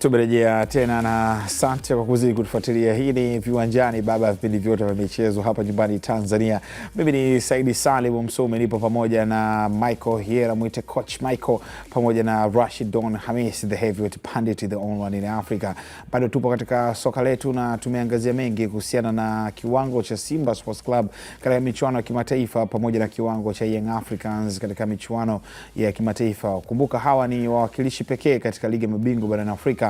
Tumerejea tena na asante kwa kuzidi kutufuatilia. Hii ni Viwanjani, baba ya vipindi vyote vya michezo hapa nyumbani Tanzania. Mimi ni Saidi Salim Msumi, nipo pamoja na Michael Hiera, mwite coach Michael, pamoja na Rashid Don Hamis, the heavyweight pundit, the only one in Africa. Bado tupo katika soka letu na tumeangazia mengi kuhusiana na kiwango cha Simba Sports Club katika michuano ya kimataifa pamoja na kiwango cha Young Africans katika michuano ya kimataifa. Kumbuka hawa ni wawakilishi pekee katika ligi ya mabingwa barani Afrika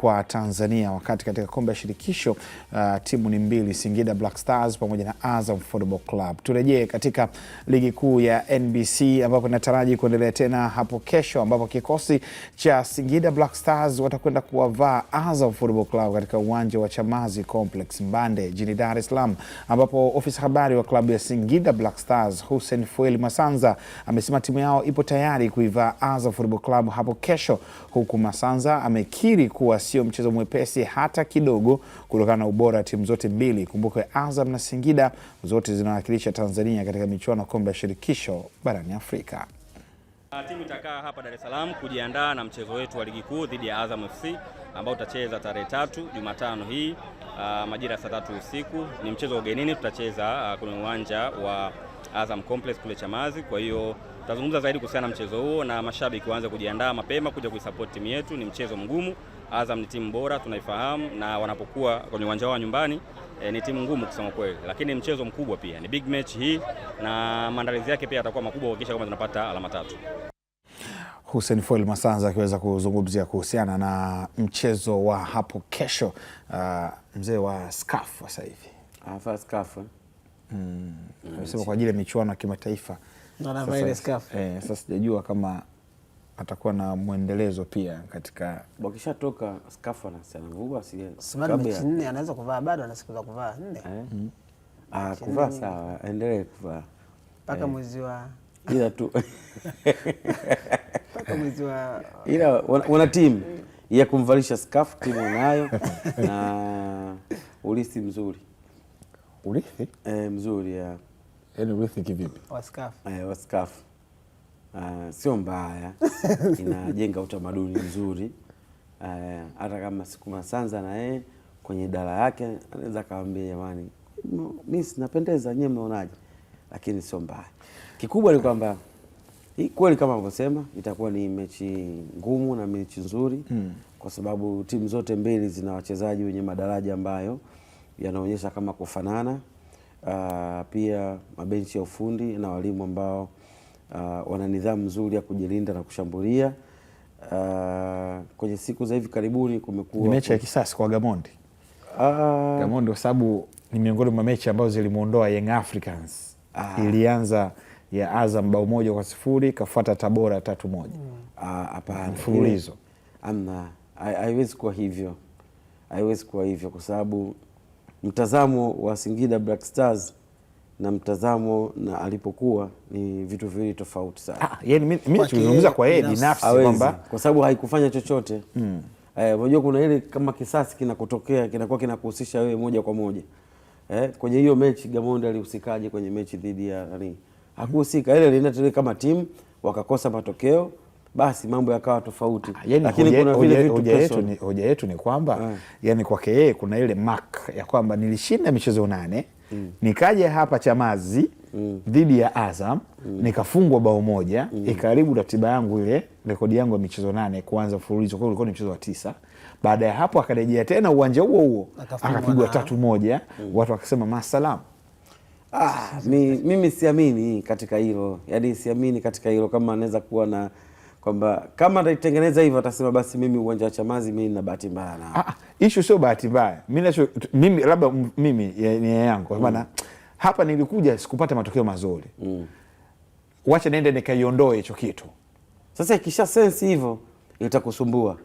kwa Tanzania, wakati katika kombe ya shirikisho uh, timu ni mbili, Singida Black Stars pamoja na Azam Football Club. Turejee katika ligi kuu ya NBC ambapo inataraji kuendelea tena hapo kesho, ambapo kikosi cha Singida Black Stars watakwenda kuwavaa Azam Football Club katika uwanja wa Chamazi Complex Mbande jini Dar es Salaam, ambapo ofisa habari wa klabu ya Singida Black Stars Hussein Fueli Masanza amesema timu yao ipo tayari kuivaa Azam Football Club hapo kesho, huku Masanza amekiri kuwa sio mchezo mwepesi hata kidogo, kutokana na ubora wa timu zote mbili. Kumbuka Azam na Singida zote zinawakilisha Tanzania katika michuano ya kombe ya shirikisho barani Afrika. Ah, timu itakaa hapa Dar es Salaam kujiandaa na mchezo wetu wa ligi kuu dhidi ya Azam FC ambao utacheza tarehe tatu Jumatano hii uh, majira ya saa tatu usiku. Ni mchezo wa ugenini, tutacheza uh, kwenye uwanja wa Azam Complex kule Chamazi. Kwa hiyo tutazungumza zaidi kuhusiana na mchezo huo, na mashabiki waanze kujiandaa mapema kuja kuisupport timu yetu. Ni mchezo mgumu. Azam ni timu bora tunaifahamu, na wanapokuwa kwenye uwanja wao nyumbani e, ni timu ngumu kusema kweli, lakini mchezo mkubwa pia ni big match hii, na maandalizi yake pia yatakuwa makubwa kuhakikisha kwamba tunapata alama tatu. Hussein Foil Masanza akiweza kuzungumzia kuhusiana na mchezo wa hapo kesho. Uh, mzee wa skaf sasa hivi afa ah, skaf hmm. mm. amesema kwa ajili ya michuano ya kimataifa. Eh, sasa sijajua kama atakuwa na mwendelezo pia katika wakishatoka mechi nne, anaweza kuvaa bado, ana siku za kuvaa nne eh? hmm. ah, kuvaa. Sawa, endelee kuvaa mpaka eh. mwezi wa ila tu mpaka mwezi wa ila wana timu ya kumvalisha skafu, timu unayo na urithi mzuri, urithi eh, mzuri ya yani urithi kivipi? eh, wa waskafu Ah, sio mbaya inajenga utamaduni mzuri ah, hata uh, kama siku Masanza na yeye kwenye idara yake anaweza kawaambia jamani, mi sinapendeza, nyie mnaonaje? Lakini sio mbaya. Kikubwa ni kwamba kweli kama alivyosema itakuwa ni mechi ngumu na mechi nzuri hmm, kwa sababu timu zote mbili zina wachezaji wenye madaraja ambayo yanaonyesha kama kufanana. Uh, pia mabenchi ya ufundi na walimu ambao uh, wana nidhamu nzuri ya kujilinda na kushambulia. Uh, kwenye siku za hivi karibuni kumekuwa mechi ya kisasi kwa Gamondi uh, Gamondi kwa sababu ni miongoni mwa mechi ambazo zilimwondoa Young Africans uh, ilianza ya Azam bao moja kwa sifuri kafuata Tabora tatu moja hmm. ah, hapana, mfululizo amna, haiwezi kuwa hivyo, haiwezi kuwa hivyo kwa sababu mtazamo wa Singida Black Stars na mtazamo na alipokuwa ni vitu viwili tofauti sana. Ah, yani Mimi nimezungumza kwa yeye binafsi kwamba kwa sababu haikufanya chochote. Hmm. Eh, unajua, kuna ile kama kisasi kinakotokea kinakuwa kinakuhusisha wewe moja kwa moja. Eh, kwenye hiyo mechi Gamonde alihusikaje kwenye mechi dhidi ya nani? Hakuhusika. Ile ile kama timu wakakosa matokeo basi mambo yakawa tofauti. Ah, yani lakini Hoja yetu ni hoja yetu ni kwamba eh. yani kwake yeye kuna ile mark ya kwamba nilishinda michezo nane mm. nikaja hapa Chamazi mm. dhidi ya Azam mm. nikafungwa bao moja mm. ikaribu ratiba yangu ile rekodi yangu ya michezo nane kuanza mfululizo, kwao ulikuwa ni mchezo wa tisa. Baada ya hapo akarejea tena uwanja huo huo akapigwa tatu moja mm. watu wakasema masalam. Ah, mi, mimi siamini katika hilo, yaani siamini katika hilo kama anaweza kuwa na kwamba kama ataitengeneza hivyo atasema basi mimi uwanja wa Chamazi mimi nina bahati mbaya na ah, ah issue sio bahati mbaya. Mimi labda mimi ni ya yangu kwa maana mm. hapa nilikuja sikupata matokeo mazuri mm. wacha niende nikaiondoe hicho kitu. Sasa ikisha sense hivyo itakusumbua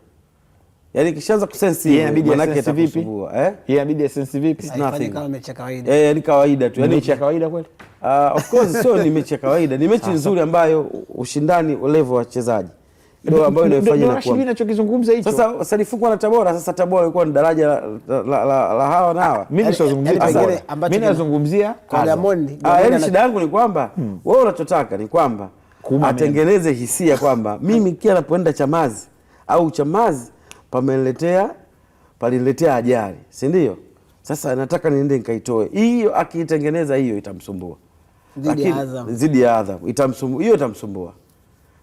Yaani kishaanza kusensi inabidi manake vipi? eh? Yeye inabidi sensi vipi? Sina fanya Kama mechi ya kawaida. Eh, ni yaani kawaida tu. Yaani mechi ya kawaida kweli? Ah, Uh, of course sio ni mechi ya kawaida. Ni mechi nzuri ambayo ushindani level wa wachezaji ndio ambayo inaifanya na kuwa. Ninachokizungumza hicho. Sasa Salifuku na Tabora, sasa Tabora ilikuwa ni daraja la, la, la, la hawa na hawa. Mimi nisizungumzie. Yaani, yaani mimi nazungumzia kwa Gamondi. Ah, yaani shida yangu ni kwamba hmm. wewe unachotaka ni kwamba atengeneze hisia kwamba mimi kila napoenda Chamazi au Chamazi pameletea paliletea ajali, si ndio? Sasa nataka niende nikaitoe hiyo. Akiitengeneza hiyo itamsumbua zidi ya adham hiyo, itamsumbua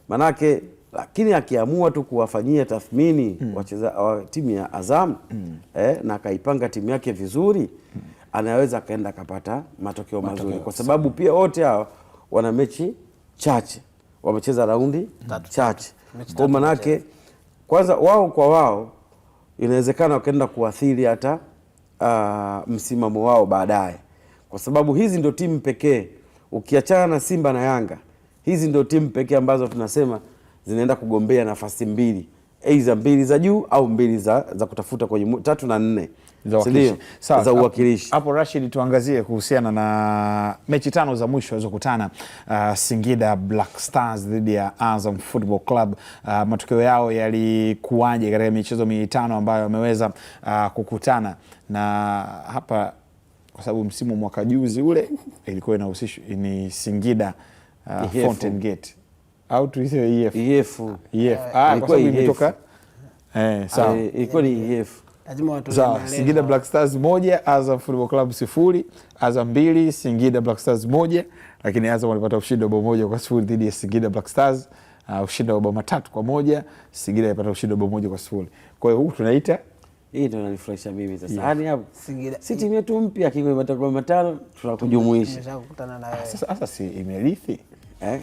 manake. Lakini akiamua tu kuwafanyia tathmini mm. wacheza wa timu ya Azam mm. eh, na akaipanga timu yake vizuri mm. anaweza akaenda akapata matokeo mazuri, kwa sababu pia wote hawa wana mechi chache, wamecheza raundi mm. chache, kwa manake kwanza wao kwa wao inawezekana wakaenda kuathiri hata uh, msimamo wao baadaye, kwa sababu hizi ndio timu pekee ukiachana na Simba na Yanga, hizi ndio timu pekee ambazo tunasema zinaenda kugombea nafasi mbili, aidha mbili za juu au mbili za, za kutafuta kwenye tatu na nne za uwakilishi hapo. Rashid, tuangazie kuhusiana na mechi tano za mwisho zilizokutana uh, Singida Black Stars dhidi ya Azam Football Club uh, matokeo yao yalikuwaje katika michezo mitano ambayo wameweza uh, kukutana na hapa, kwa sababu msimu mwaka juzi ule ilikuwa inahusishwa ni Singida uh, Fountain Gate au tuisio EF, EF. EF. Ah, eh, eh, ilikuwa ni EF za Singida Black Stars moja, Azam Football Club sifuri, Azam mbili, Singida Black Stars moja, lakini Azam walipata ushindi wa bao moja kwa sifuri dhidi ya Singida Black Stars. Uh, ushindi wa bao matatu kwa moja, Singida alipata ushindi wa bao moja kwa sifuri. Kwa hiyo huu tunaita hii ndio inanifurahisha mimi sasa. Yaani hapo si timu yetu mpya kingo imepata goli matano tunakujumuisha. Ah, sasa sasa si imerithi. Eh?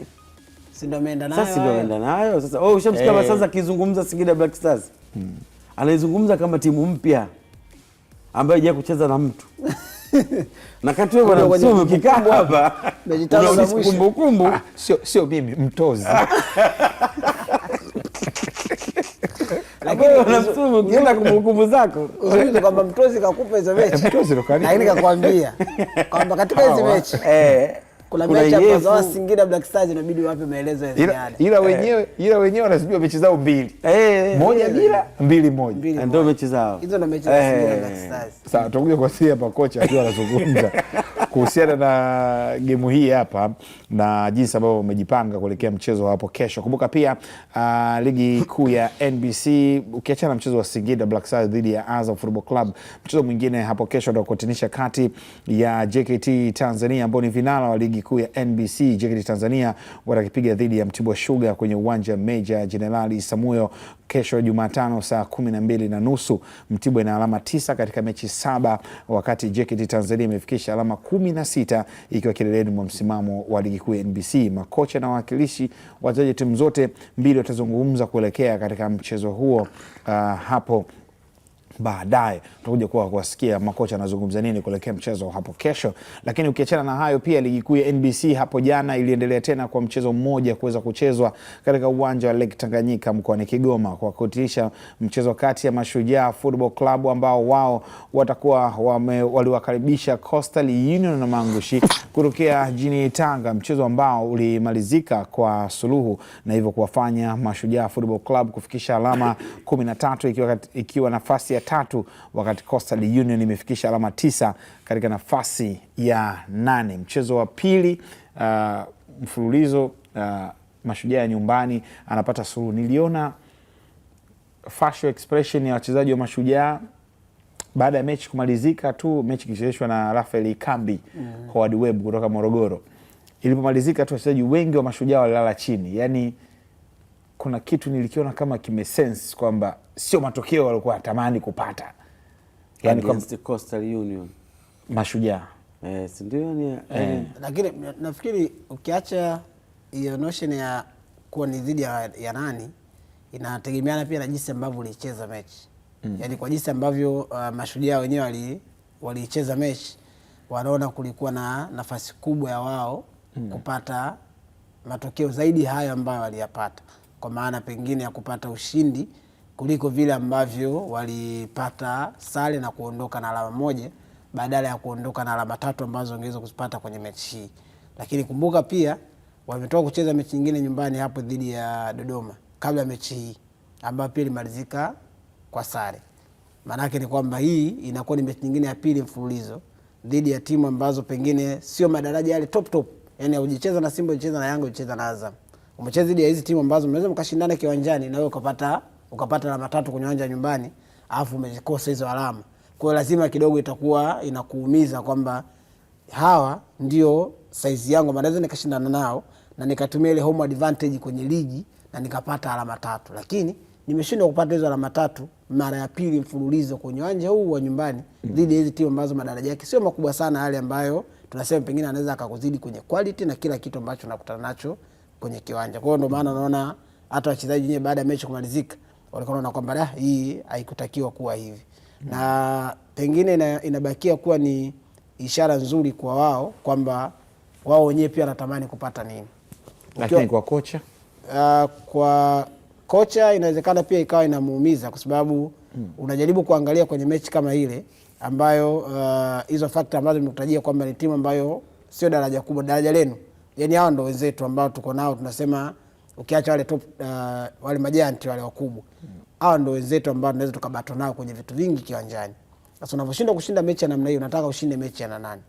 Si ndio ameenda nayo. Sasa ndio oh, ameenda nayo. Sasa wewe ushamsikia eh. sasa kizungumza Singida Black Stars. Hmm anaizungumza kama timu mpya ambayo haijawahi kucheza na mtu na kati wewe bwana msomi ukikaa hapa kumbukumbu, ah, sio mimi mtozi lakini ukienda kumbukumbu zako kwamba mtozi kakupa hizo mechi, mtozi kakwambia kwamba katika hizo mechi eh kuna mechi ambazo Singida Black Stars inabidi wape maelezo ya ziada, ila eh. wenyewe ila wenyewe wanazijua mechi zao mbili, eh, eh, moja bila mbili moja, ndio mechi zao hizo, na mechi za Singida Black Stars. Sasa tutakuja kwa sisi hapa kocha akiwa anazungumza kuhusiana na gemu hii hapa na jinsi ambavyo umejipanga kuelekea mchezo hapo kesho. Kumbuka pia uh, ligi kuu ya NBC ukiachana na mchezo wa Singida Black Stars dhidi ya Azam Football Club, mchezo mwingine hapo kesho utakutanisha kati ya JKT Tanzania ambao ni vinara wa ligi kuu ya NBC. JKT Tanzania watakipiga dhidi ya Mtibwa Sugar kwenye uwanja Meja Jenerali Samuel kesho Jumatano saa kumi na mbili na nusu. Mtibwa ina alama tisa katika mechi saba, wakati JKT Tanzania imefikisha alama kumi na sita ikiwa kileleni mwa msimamo wa ligi kuu ya NBC. Makocha na wawakilishi wachezaji timu zote mbili watazungumza kuelekea katika mchezo huo uh, hapo baadaye. Tutakuja kuwa kuwasikia makocha anazungumza nini kuelekea mchezo hapo kesho. Lakini ukiachana na hayo, pia ligi kuu ya NBC hapo jana iliendelea tena kwa mchezo mmoja kuweza kuchezwa katika uwanja wa Lake Tanganyika mkoani Kigoma kwa kutisha mchezo kati ya Mashujaa Football Club ambao wao watakuwa waliwakaribisha Coastal Union na Mangushi kutokea jini Tanga, mchezo ambao ulimalizika kwa suluhu na hivyo kuwafanya Mashujaa Football Club kufikisha alama 13 ikiwa, ikiwa nafasi ya tatu, wakati Coastal Union imefikisha alama tisa katika nafasi ya nane. Mchezo wa pili uh, mfululizo uh, Mashujaa ya nyumbani anapata suluhu. Niliona facial expression ya wachezaji wa Mashujaa baada ya mechi kumalizika tu, mechi ikicheeshwa na Rafael Kambi mm. Webb kutoka Morogoro, ilipomalizika tu wachezaji wengi wa Mashujaa walilala chini, yani kuna kitu nilikiona kama kimesense kwamba sio matokeo walikuwa watamani kupata, yani kwa Coastal Union mashujaa eh, ndio ni yaani, eh. Yaani. Lakini nafikiri ukiacha hiyo notion ya kuwa ni dhidi ya, ya nani inategemeana pia na jinsi ambavyo ulicheza mechi mm. Yani kwa jinsi ambavyo uh, mashujaa wenyewe waliicheza mechi wanaona kulikuwa na nafasi kubwa ya wao mm. kupata matokeo zaidi hayo ambayo waliyapata kwa maana pengine ya kupata ushindi kuliko vile ambavyo walipata sare na kuondoka na alama moja badala ya kuondoka na alama tatu ambazo wangeweza kuzipata kwenye mechi hii. Lakini kumbuka pia wametoka kucheza mechi nyingine nyumbani hapo dhidi ya Dodoma kabla ya mechi hii ambayo pia ilimalizika kwa sare. Maanake ni kwamba hii inakuwa ni mechi nyingine ya pili mfululizo dhidi ya timu ambazo pengine sio madaraja yale top top, yani hujicheza na Simba, hujicheza na Yanga, hujicheza na Azam umecheza dhidi ya hizi timu ambazo mnaweza mkashindana kiwanjani na wewe ukapata ukapata alama tatu kwenye uwanja nyumbani, alafu umekosa hizo alama. Kwa hiyo lazima kidogo itakuwa inakuumiza kwamba hawa ndio saizi yangu, naweza nikashindana nao na nikatumia ile home advantage kwenye ligi na nikapata alama tatu, lakini nimeshindwa kupata hizo alama tatu mara ya pili mfululizo kwenye uwanja huu wa nyumbani mm. dhidi mm. ya hizi timu ambazo madaraja yake sio makubwa sana, yale ambayo tunasema pengine anaweza akakuzidi kwenye quality na kila kitu ambacho unakutana nacho kwenye kiwanja. Kwa hiyo ndio maana unaona hata wachezaji wenyewe baada ya mechi kumalizika walikuwa wanaona kwamba ah, hii haikutakiwa kuwa hivi mm. na pengine ina, inabakia kuwa ni ishara nzuri kwa wao kwamba wao wenyewe pia wanatamani kupata nini, lakini kwa kocha uh, kwa kocha inawezekana pia ikawa inamuumiza kwa sababu mm. unajaribu kuangalia kwenye mechi kama ile ambayo ah, hizo uh, fakta ambazo nimekutajia kwamba ni timu ambayo sio daraja kubwa, daraja lenu yani hawa ndo wenzetu ambao tuko nao tunasema, ukiacha wale top uh, wale majanti wale wakubwa, hawa ndo wenzetu ambao tunaweza tukabato nao kwenye vitu vingi kiwanjani. Sasa unavyoshindwa kushinda mechi ya namna hiyo, unataka ushinde mechi ya nani?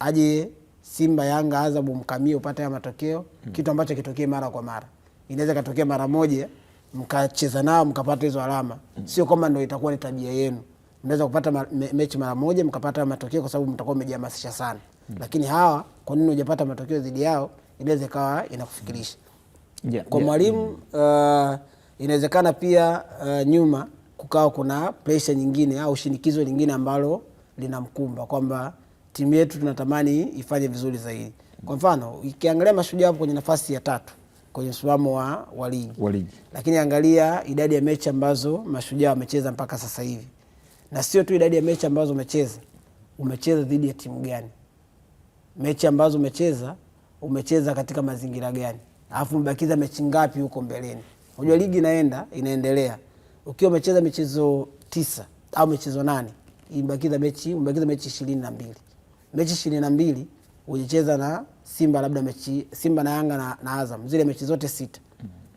Aje Simba, Yanga, Azabu mkamie upate haya matokeo hmm. Kitu ambacho kitokee mara kwa mara, inaweza katokea mara moja mkacheza nao mkapata hizo alama hmm. Sio kwamba ndo itakuwa ni tabia yenu mnaweza kupata mechi mara moja mkapata matokeo kwa sababu mtakuwa mmejihamasisha sana, hmm. lakini hawa kwa nini hujapata matokeo dhidi yao inaweza ikawa inakufikirisha. yeah, kwa yeah, mwalimu yeah. Uh, inawezekana pia uh, nyuma kukawa kuna presha nyingine au shinikizo lingine ambalo linamkumba kwamba timu yetu tunatamani ifanye vizuri zaidi. Kwa mfano ikiangalia Mashujaa hapo kwenye nafasi ya tatu kwenye msimamo wa, wa ligi, lakini angalia idadi ya mechi ambazo Mashujaa wamecheza mpaka sasa hivi, na sio tu idadi ya mechi ambazo umecheza, umecheza dhidi ya timu gani? mechi ambazo umecheza umecheza katika mazingira gani, alafu umebakiza mechi ngapi huko mbeleni. Unajua ligi inaenda inaendelea, ukiwa umecheza michezo tisa au michezo nane imebakiza mechi umebakiza mechi ishirini na mbili mechi ishirini na mbili ujicheza na Simba labda mechi Simba na Yanga na, na Azam zile mechi zote sita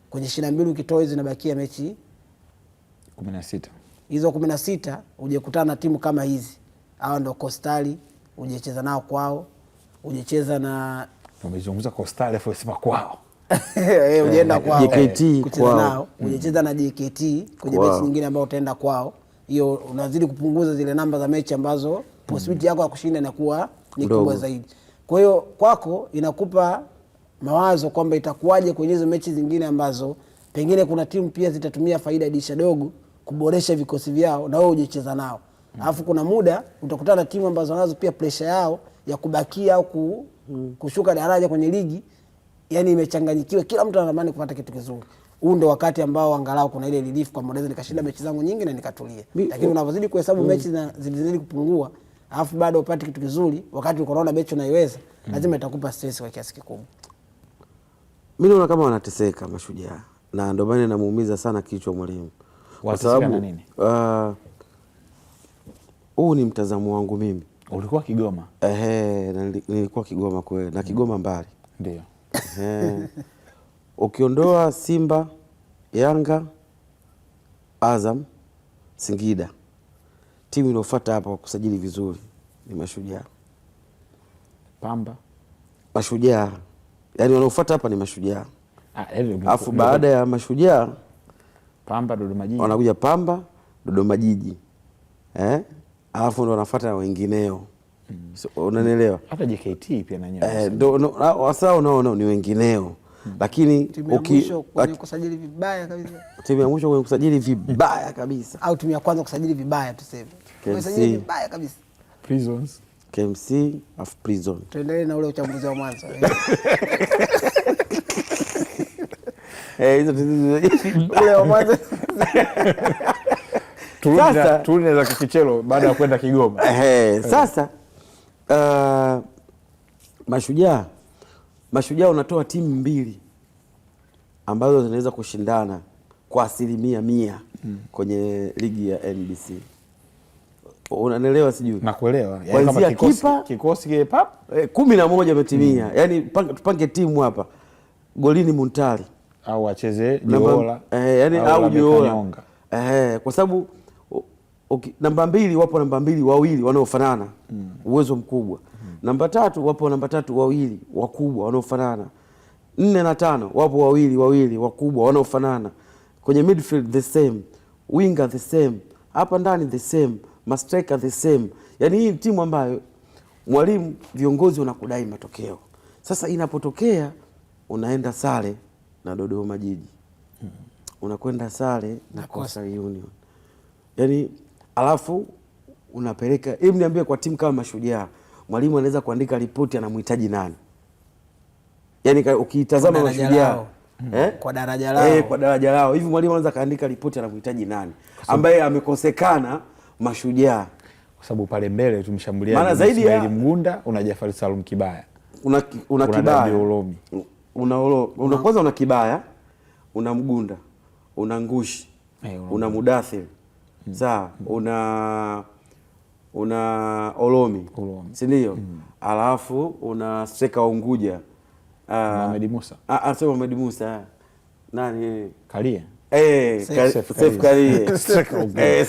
kwenye ishirini na mbili ukitoa hizo inabakia mechi kumi na sita hizo kumi na sita ujekutana na timu kama hizi, awa ndo Kostali ujecheza nao kwao ujicheza na umezungumza kwa Star alafu sema kwao eh, ujaenda eh, kwao eh, kucheza nao, mm. ujicheza na JKT kwenye mechi nyingine ambayo utaenda kwao, hiyo unazidi kupunguza zile namba za mechi ambazo possibility yako ya kushinda inakuwa ni kubwa zaidi. Kwa hiyo kwako inakupa mawazo kwamba itakuwaje kwenye hizo mechi zingine ambazo pengine kuna timu pia zitatumia faida dirisha dogo kuboresha vikosi vyao na wewe ujicheza nao, alafu kuna muda utakutana na timu ambazo nazo pia pressure yao ya kubakia au ku, kushuka daraja kwenye ligi yani imechanganyikiwa, kila mtu anatamani kupata kitu kizuri. Huu ndo wakati ambao angalau kuna ile relief kwa naweza nikashinda mechi zangu nyingi na nikatulia, lakini unavyozidi kuhesabu mm. mechi zilizidi kupungua alafu bado upate kitu kizuri, wakati uko naona mechi unaiweza mm. lazima itakupa stress kwa kiasi kikubwa. Mimi naona kama wanateseka mashujaa, na ndio maana namuumiza sana kichwa mwalimu, kwa sababu ah, huu uh, ni mtazamo wangu mimi Ulikuwa Kigoma? Ehe, nilikuwa Kigoma kweli na Kigoma mbali. Ndio. Ukiondoa Simba, Yanga, Azam, Singida, timu inayofuata hapa kwa kusajili vizuri ni Mashujaa. Pamba, Mashujaa, yaani wanaofuata hapa ni Mashujaa. Ah, Alafu baada ya Mashujaa, Pamba, Dodoma Jiji, wanakuja Pamba, Dodoma Jiji eh? alafu ndo wanafuata wengineo so, unanielewa hata JKT pia na eh, no, unaona ni wengineo hmm. lakini timu ya mwisho kwenye kusajili vibaya kabisa vibaya au timu ya kwanza kusajili vibaya tuseme kusajili vibaya kabisa prisons KMC of prison. Tuendelee na ule uchambuzi wa mwanzo eh, hizo ule wa mwanzo turudi kichelo kikichelo baada ya kwenda Kigoma. Hey, sasa uh, mashujaa mashujaa unatoa timu mbili ambazo zinaweza kushindana kwa asilimia mia hmm. kwenye ligi ya NBC unanielewa? Sijui nakuelewa, kuanzia kipa kikosi eh, kumi na moja imetimia hmm. Yani tupange timu hapa, golini Muntari au acheze Jola, eh, yani au Jola eh, kwa sababu okay. Namba mbili wapo namba mbili wawili wanaofanana mm. uwezo mkubwa mm. Namba tatu wapo namba tatu wawili wakubwa wanaofanana. Nne na tano wapo wawili wawili wakubwa wanaofanana kwenye midfield, the same winger, the same hapa ndani, the same mastriker, the same. Yani hii timu ambayo mwalimu, viongozi wanakudai matokeo. Sasa inapotokea unaenda sare na Dodoma Jiji, mm. unakwenda sare na Coastal Union, yani alafu unapeleka. Hebu niambie, kwa timu kama Mashujaa, mwalimu anaweza kuandika ripoti anamhitaji nani? Yani ukiitazama Mashujaa hmm. Eh? Kwa daraja lao eh, kwa daraja lao hivi mwalimu anaweza kaandika ripoti anamhitaji nani ambaye amekosekana Mashujaa, kwa sababu pale mbele tumshambulia maana zaidi ya Mgunda, una Jafari Salum Kibaya, una una Kibaya, una Olomi, una una kwanza, una Kibaya, una Mgunda, una Ngushi eh, una Mudathir Mm. sawa, mm. una una Olomi, Olomi. si ndio? mm. alafu una Seka Unguja ah, Mohamed Musa, ah, ah sema Mohamed Musa, nani Kalia eh, Seif Karia eh,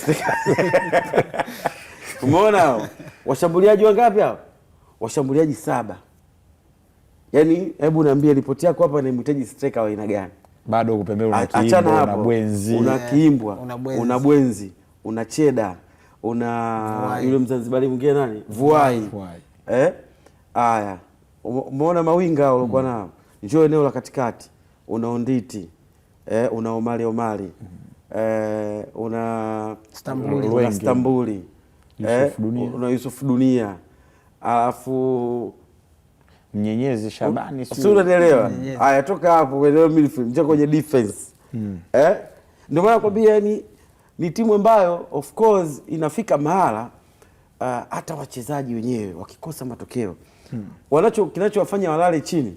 umeona washambuliaji wangapi hao? washambuliaji saba. Yaani, hebu niambie ripoti yako hapa inamhitaji striker wa aina gani? Bado uko pembeni, una eh, kiimbwa, una bwenzi, una bwenzi una cheda, una yule Mzanzibari mwingine nani, vuai eh. Haya, umeona mawinga mm. walikuwa nao. Njoo eneo la katikati, una onditi eh, una omali omali mm. eh, una Stambuli, una Stambuli eh, una Yusuf Dunia alafu Mnyenyezi Shabani, si unanielewa? Haya, toka hapo kwenye midfield, njoo kwenye defense mm. eh, ndio maana nakwambia yani ni timu ambayo of course inafika mahala uh, hata uh, wachezaji wenyewe wakikosa matokeo hmm. wanacho kinachowafanya walale chini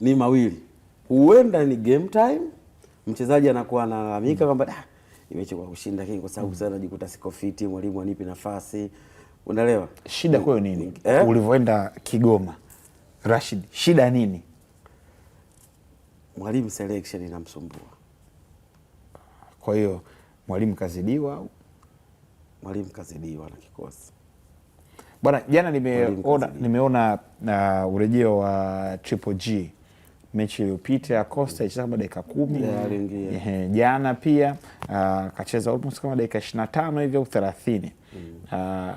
ni mawili, huenda ni game time, mchezaji anakuwa analalamika hmm. kwamba hmm. Ah, imechi imechukua kushinda, lakini kwa sababu hmm. sana najikuta siko fiti, mwalimu anipi nafasi. Unaelewa shida kwayo nini eh? Ulivyoenda Kigoma Rashid, shida nini? Mwalimu selection inamsumbua, kwa hiyo Mwalimu kazidiwa au mwalimu kazidiwa na kikosi bwana. Jana nimeona nimeona uh, urejeo wa Triple G mechi iliyopita Costa alicheza kama dakika kumi yeah, jana pia uh, kacheza almost kama dakika ishirini na tano hivi au thelathini mm. uh,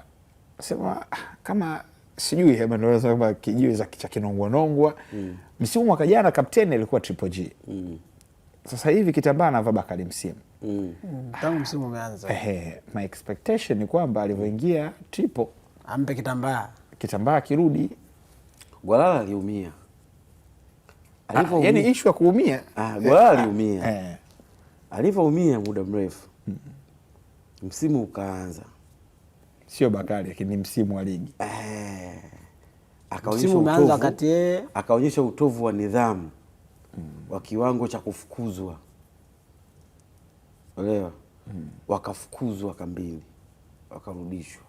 sema kama sijui kama kijiwe za cha kinongwanongwa mm. msimu mwaka jana kapteni alikuwa Triple G mm. Sasa hivi kitambaa anavaa Bakari Msimu mm. mm. tangu msimu umeanza. Ehe, my expectation ni kwamba alivyoingia Tripo ampe kitambaa kitambaa kirudi. Gwalala aliumia ah, yani ishu ya kuumia. Ah, Gwalala eh, aliumia eh. alivyoumia muda mrefu mm. msimu ukaanza, sio Bakari lakini msimu wa ligi eh, akaonyesha utovu wa nidhamu mm. wa kiwango cha kufukuzwa elewa mm. wakafukuzwa kambini, wakarudishwa,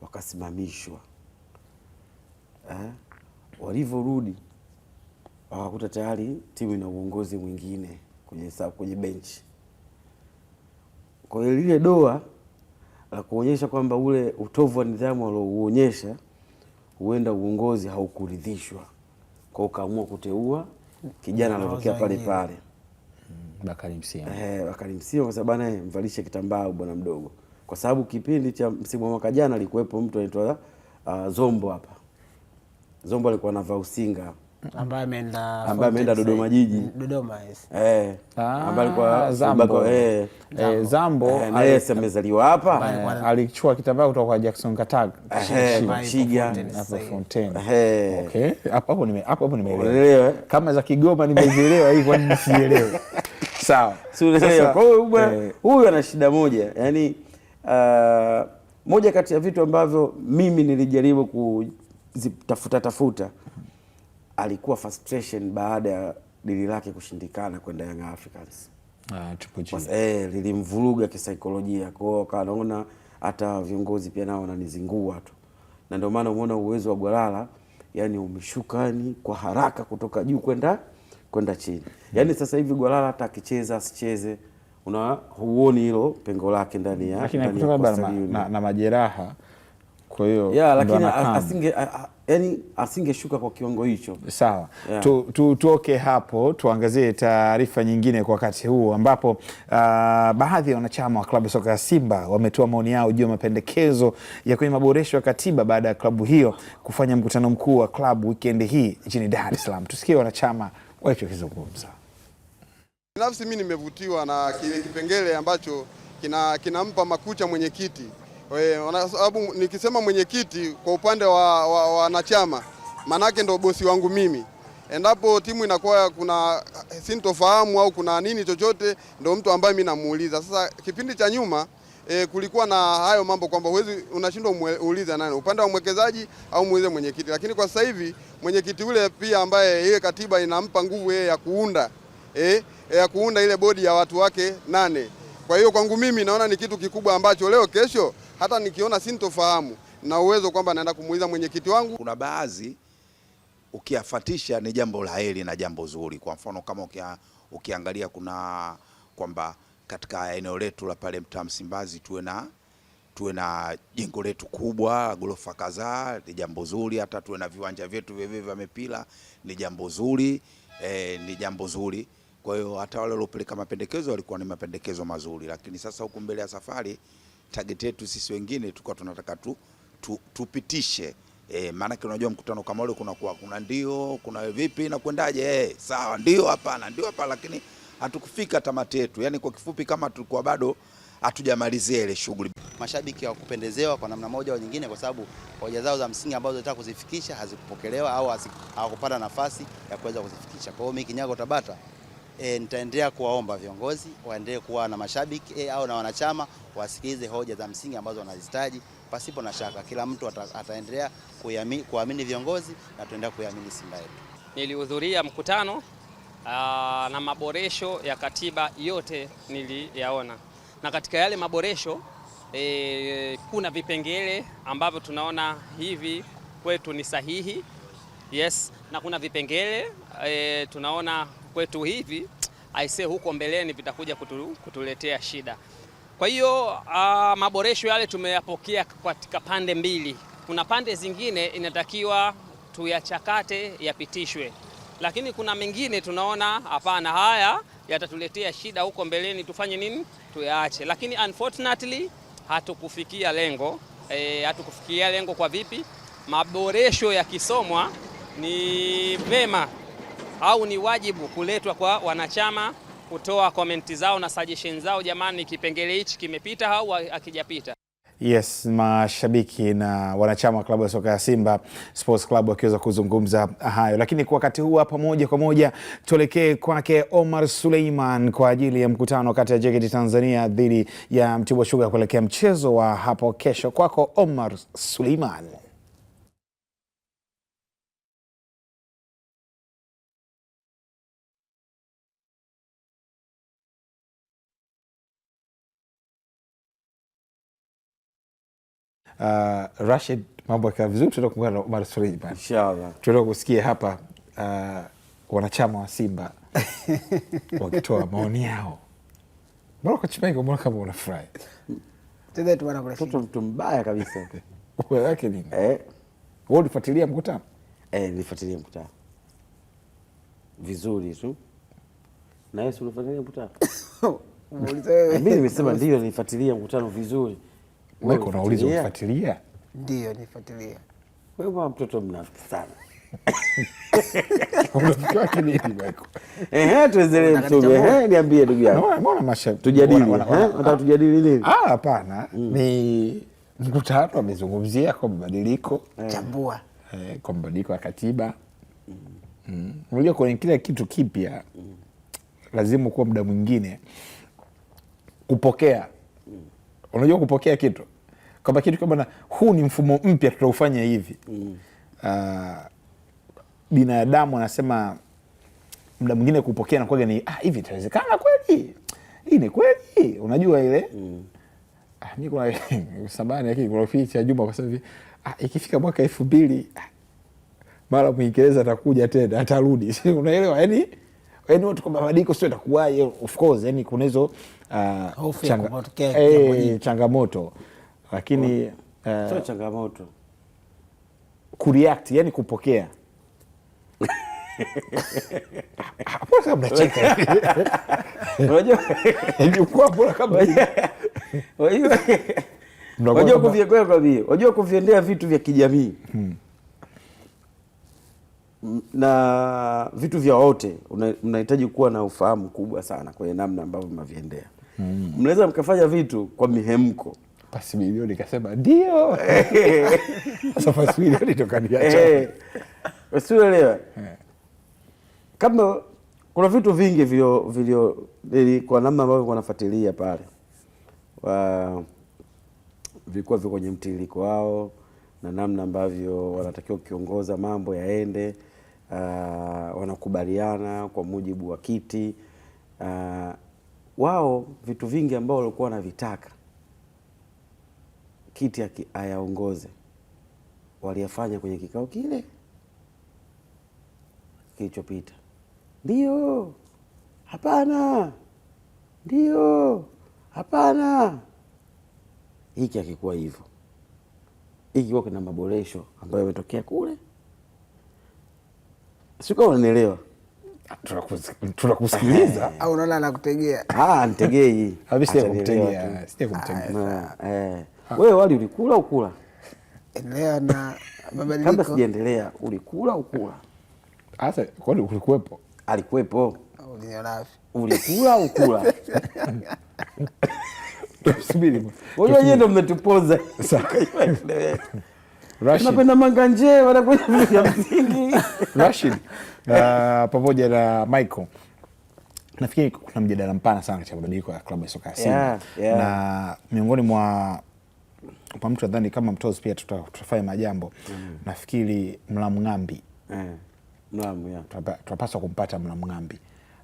wakasimamishwa eh? Walivyorudi wakakuta tayari timu ina uongozi mwingine kwenye, kwenye benchi. Kwa lile doa la kuonyesha kwamba ule utovu wa nidhamu waliouonyesha huenda uongozi haukuridhishwa, kwa ukaamua kuteua kijana anatokea pale pale mm, Bakari Msima, eh, Bakari kwa sababu mvalishe kitambaa bwana mdogo, kwa sababu kipindi cha msimu wa mwaka jana alikuwepo mtu anaitwa uh, Zombo hapa. Zombo alikuwa anavaa usinga ambaye ameenda Dodoma jiji mm, Dodoma, eh, ah, ambaye alikuwa Zambo eh. Eh, eh, Zambo eh, amezaliwa hapa, alichukua kitambaa kutoka kwa Jackson Katag Shiga hapo Fontaine. Okay, hapo hapo hapo hapo nimeelewa. Kama za Kigoma nimezielewa hivi, kwani nisielewe? Sawa, kwa hiyo huyu ana shida moja, yani moja kati ya vitu ambavyo mimi nilijaribu kuzitafuta tafuta alikuwa frustration baada ya dili lake kushindikana kwenda Young Africans. Ah, eh, lilimvuruga kisaikolojia kwao, kanaona hata viongozi pia nao wananizingua tu, na ndio maana umeona uwezo wa Gwalala yani umeshuka ni kwa haraka kutoka juu kwenda kwenda chini yani hmm. Sasa hivi Gwalala hata akicheza asicheze, una huoni hilo pengo lake ndani ya na, na majeraha kwa hiyo yeah, lakini asinge yani asingeshuka kwa kiwango hicho. Sawa yeah. tu, tu, tuoke hapo tuangazie taarifa nyingine kwa wakati huu ambapo uh, baadhi ya wanachama wa klabu ya soka ya Simba wametoa maoni yao juu ya mapendekezo ya kwenye maboresho ya katiba baada ya klabu hiyo kufanya mkutano mkuu wa klabu wikendi hii nchini Dar es Salaam. Tusikie wanachama walichokizungumza. Binafsi mimi nimevutiwa na kile kipengele ambacho kinampa kina makucha mwenyekiti Eh, kwa sababu nikisema mwenyekiti kwa upande wa wanachama wa manake ndo bosi wangu mimi. Endapo timu inakuwa kuna sintofahamu au kuna nini chochote, ndo mtu ambaye mimi namuuliza. Sasa kipindi cha nyuma e, kulikuwa na hayo mambo kwamba huwezi unashindwa uuliza nani upande wa mwekezaji au muulize mwenyekiti, lakini kwa sasa hivi mwenyekiti ule pia ambaye ile katiba inampa nguvu yeye ya kuunda e, ya kuunda ile bodi ya watu wake nane. Kwa hiyo kwangu mimi naona ni kitu kikubwa ambacho leo kesho hata nikiona sintofahamu na uwezo kwamba naenda kumuuliza mwenyekiti wangu. Kuna baadhi ukiyafatisha ni jambo la heri na jambo zuri. Kwa mfano kama ukia, ukiangalia kuna kwamba katika eneo letu la pale mtaa Msimbazi tuwe na tuwe na jengo letu kubwa ghorofa kadhaa ni jambo zuri. Hata tuwe na viwanja vyetu vyewe vya mipira ni jambo zuri e, ni jambo zuri. Kwa hiyo hata wale waliopeleka mapendekezo walikuwa ni mapendekezo mazuri, lakini sasa huku mbele ya safari target yetu sisi wengine tulikuwa tunataka tu, tu, tupitishe e, maanake unajua mkutano kama ule kuna kuwa, kuna ndio kuna vipi na kwendaje e, sawa ndio hapana ndio hapa, lakini hatukufika tamati yetu. Yani kwa kifupi kama tulikuwa bado hatujamalizia ile shughuli. Mashabiki hawakupendezewa kwa namna moja au nyingine, kwa sababu hoja zao za msingi ambazo zilitaka kuzifikisha hazikupokelewa au hawakupata nafasi ya kuweza kuzifikisha. Kwa hiyo mimi Kinyago Tabata e, nitaendelea kuwaomba viongozi waendelee kuwa na mashabiki e, au na wanachama wasikilize hoja za msingi ambazo wanazihitaji pasipo na shaka. Kila mtu ata, ataendelea kuamini viongozi na tuendelea kuamini Simba yetu. Nilihudhuria mkutano aa, na maboresho ya katiba yote niliyaona, na katika yale maboresho e, kuna vipengele ambavyo tunaona hivi kwetu ni sahihi yes, na kuna vipengele e, tunaona kwetu hivi aisee, huko mbeleni vitakuja kutu, kutuletea shida. Kwa hiyo uh, maboresho yale tumeyapokea katika pande mbili. Kuna pande zingine inatakiwa tuyachakate yapitishwe, lakini kuna mengine tunaona hapana, haya yatatuletea shida huko mbeleni, tufanye nini? Tuyaache. Lakini unfortunately hatukufikia lengo e, hatukufikia lengo. Kwa vipi? Maboresho yakisomwa ni vema au ni wajibu kuletwa kwa wanachama kutoa komenti zao na suggestion zao, jamani, kipengele hichi kimepita au akijapita? Yes, mashabiki na wanachama wa klabu ya soka ya Simba Sports Club wakiweza kuzungumza hayo, lakini kwa wakati huu hapa, moja kwa moja tuelekee kwake Omar Suleiman kwa ajili ya mkutano kati ya JKT Tanzania dhidi ya Mtibwa Sugar kuelekea mchezo wa hapo kesho. Kwako Omar Suleiman. uh, Rashid mambo yakiwa vizuri, tutaenda kuungana na Omar Suleiman inshallah, tutaenda kusikia hapa uh, wanachama wa Simba wakitoa maoni yao. Mbona kocha Michael, mbona kama unafurahi? Mtoto mtu mbaya kabisa wake nini? Eh, wewe ulifuatilia mkutano? Eh, nilifuatilia mkutano vizuri tu na Yesu. Ulifuatilia mkutano? Mimi nimesema ndio, nilifuatilia mkutano vizuri. Weko unauliza ufuatilia? Ndio, nifuatilia. Wewe mtoto mnafiki sana. Unafiki wake nini Weko? Ehe, tuendelee msomi. Ehe, niambie ndugu yangu. Mbona mashabiki tujadili? Nataka tujadili nini? Ah, hapana. Mm. Ni mkutano amezungumzia kwa mabadiliko. Eh. Chambua. Eh, kwa mabadiliko ya katiba. Mm. Unajua mm. kwenye kila kitu kipya mm. lazima kuwa muda mwingine kupokea mm. unajua kupokea kitu kwamba kitu bwana, huu ni mfumo mpya tutaufanya hivi mm. Uh, binadamu anasema mda mwingine kupokea na kwaga ni ah, hivi itawezekana kweli? Hii ni kweli? Unajua ile mm. Ah, mi kuna samani lakini kuna kipindi cha Juma kwa sababu ah, ikifika mwaka elfu mbili ah, mara Mwingereza atakuja tena atarudi unaelewa yani yani watu kwamba mabadiliko sio itakuwaje? Of course yani kuna hizo uh, changa, hey, eh, changamoto lakini uh, sio changamoto kureact, yani kupokea mnacheka wajua vitu vya kijamii hmm. na vitu vya wote mnahitaji kuwa na ufahamu kubwa sana kwenye namna ambavyo mnavyendea. Hmm. Mnaweza hmm. mkafanya vitu kwa mihemko pasi milioni kasema ndio. Sasa pasi milioni tokaniacha eh. usielewa eh. kama kuna vitu vingi vilio vilio kwa namna ambavyo wanafuatilia pale vilikuwa viko kwenye mtiririko wao na namna ambavyo wanatakiwa kiongoza mambo yaende. Uh, wanakubaliana kwa mujibu wa kiti uh, wao vitu vingi ambao walikuwa wanavitaka kiti ayaongoze, waliyafanya kwenye kikao kile kilichopita. Ndio, hapana, ndio, hapana. Hiki hakikuwa hivyo, hiki kuwa kuna maboresho ambayo yametokea kule, sikuwa unanielewa tunakusikiliza eh. au ah, unaona anakutegea? Ah, nitegei hivi, ah, sije kumtegea, sije kumtegea. Ah, eh, wewe wali ulikula ukula? Endelea na mabadiliko. Kabla sijaendelea, ulikula ukula? Asa, kwani ulikuwepo? Alikuwepo. Ulikula ukula? Subiri. Wewe ndio mmetupoza. Sasa. tunakwenda manganje, wanakwenda vitu vya msingi Rashid uh, pamoja na Michael nafikiri kuna mjadala mpana sana katika mabadiliko ya klabu ya soka ya Simba yeah, yeah. na miongoni mwa kwa mtu nadhani kama mtozi pia tuta, tutafanya majambo mm. nafikiri Mlamng'ambi eh, mm. tunapaswa yeah. kumpata Mlamng'ambi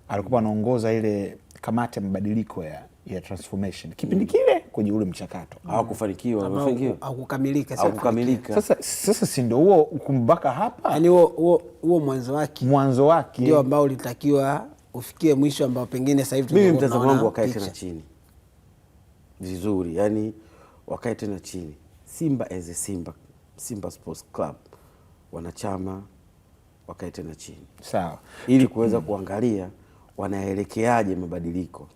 alikuwa anaongoza ile kamati ya mabadiliko ya ya transformation kipindi kile kwenye ule mchakato mm. hawakufanikiwa, wamefanikiwa hawakukamilika Sasa sasa, si ndio huo kumbaka hapa, yani huo huo mwanzo wake, mwanzo wake ndio ambao ulitakiwa ufikie mwisho ambao pengine sasa hivi. Mimi mtazamo wangu, wakae tena chini vizuri, yani wakae tena chini. Simba as a Simba, Simba Sports Club, wanachama wakae tena chini, sawa, ili kuweza mm. kuangalia wanaelekeaje mabadiliko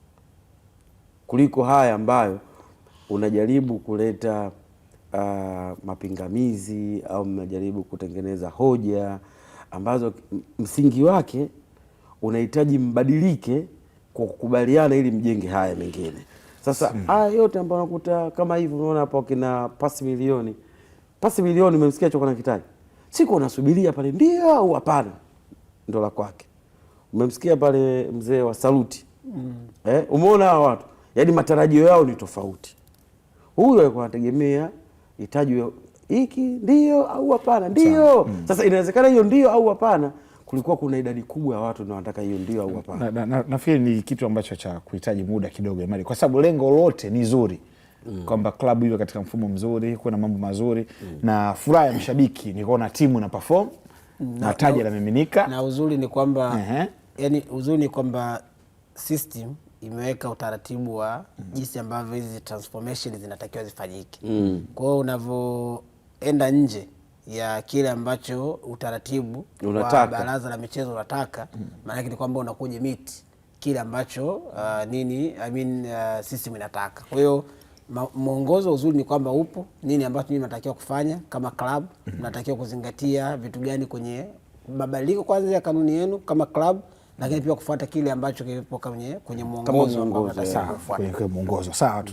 kuliko haya ambayo unajaribu kuleta uh, mapingamizi au mnajaribu kutengeneza hoja ambazo msingi wake unahitaji mbadilike kwa kukubaliana ili mjenge haya mengine. Sasa hmm. haya yote ambayo unakuta kama hivi, unaona hapo kina pasi milioni, pasi milioni, umemsikia choko na kitaji siku unasubiria pale ndio au hapana, ndo la kwake. Umemsikia pale mzee wa saluti mm. eh, umeona hawa watu yaani matarajio yao ni tofauti. Huyu alikuwa anategemea hiki ndio au hapana, ndio. Mm. Sasa inawezekana hiyo ndio au hapana kulikuwa kuna idadi kubwa ya watu na wanataka hiyo ndio au hapana. Na, na, nafikiri ni kitu ambacho cha kuhitaji muda kidogo Imari, kwa sababu lengo lote ni zuri mm. kwamba klabu iwe katika mfumo mzuri, kuwe na mambo mazuri mm. na furaha ya mshabiki ni kuona timu na perform na, mm. na taji lamiminika na, na uzuri ni kwamba uh -huh. yani uzuri ni kwamba system imeweka utaratibu wa mm. jinsi ambavyo hizi transformation zinatakiwa zifanyike mm. kwa hiyo unavyoenda nje ya kile ambacho utaratibu wa baraza la michezo unataka, maanake ni kwamba unakuja miti kile ambacho uh, nini I mean, uh, system inataka. Kwa hiyo mwongozo uzuri ni kwamba upo nini ambacho mimi natakiwa kufanya kama club, mnatakiwa kuzingatia vitu gani kwenye mabadiliko kwanza ya kanuni yenu kama club lakini pia kufuata kile ambacho kipo kwenye kwenye mwongozo. Sawa.